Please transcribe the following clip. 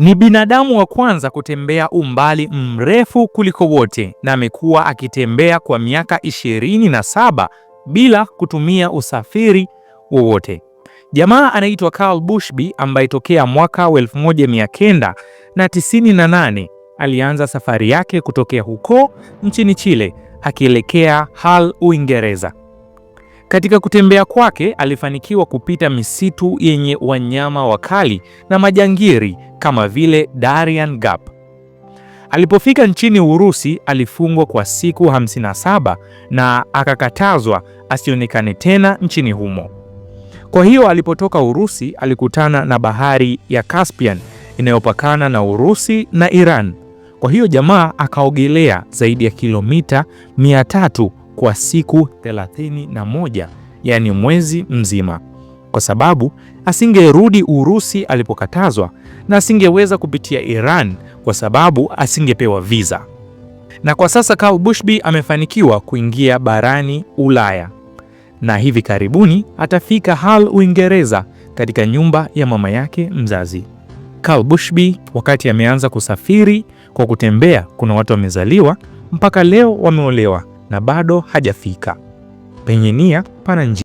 Ni binadamu wa kwanza kutembea umbali mrefu kuliko wote na amekuwa akitembea kwa miaka 27 bila kutumia usafiri wowote. Jamaa anaitwa Carl Bushby ambaye tokea mwaka 1998 alianza safari yake kutokea huko nchini Chile akielekea Hull, Uingereza. Katika kutembea kwake alifanikiwa kupita misitu yenye wanyama wakali na majangiri kama vile Darien Gap. Alipofika nchini Urusi alifungwa kwa siku 57 na akakatazwa asionekane tena nchini humo. Kwa hiyo alipotoka Urusi alikutana na bahari ya Caspian inayopakana na Urusi na Iran. Kwa hiyo jamaa akaogelea zaidi ya kilomita 300 kwa siku thelathini na moja, yaani mwezi mzima, kwa sababu asingerudi Urusi alipokatazwa na asingeweza kupitia Iran kwa sababu asingepewa visa. Na kwa sasa Karl Bushby amefanikiwa kuingia barani Ulaya na hivi karibuni atafika Hull, Uingereza, katika nyumba ya mama yake mzazi. Karl Bushby wakati ameanza kusafiri kwa kutembea, kuna watu wamezaliwa mpaka leo wameolewa, na bado hajafika. Penye nia pana njia.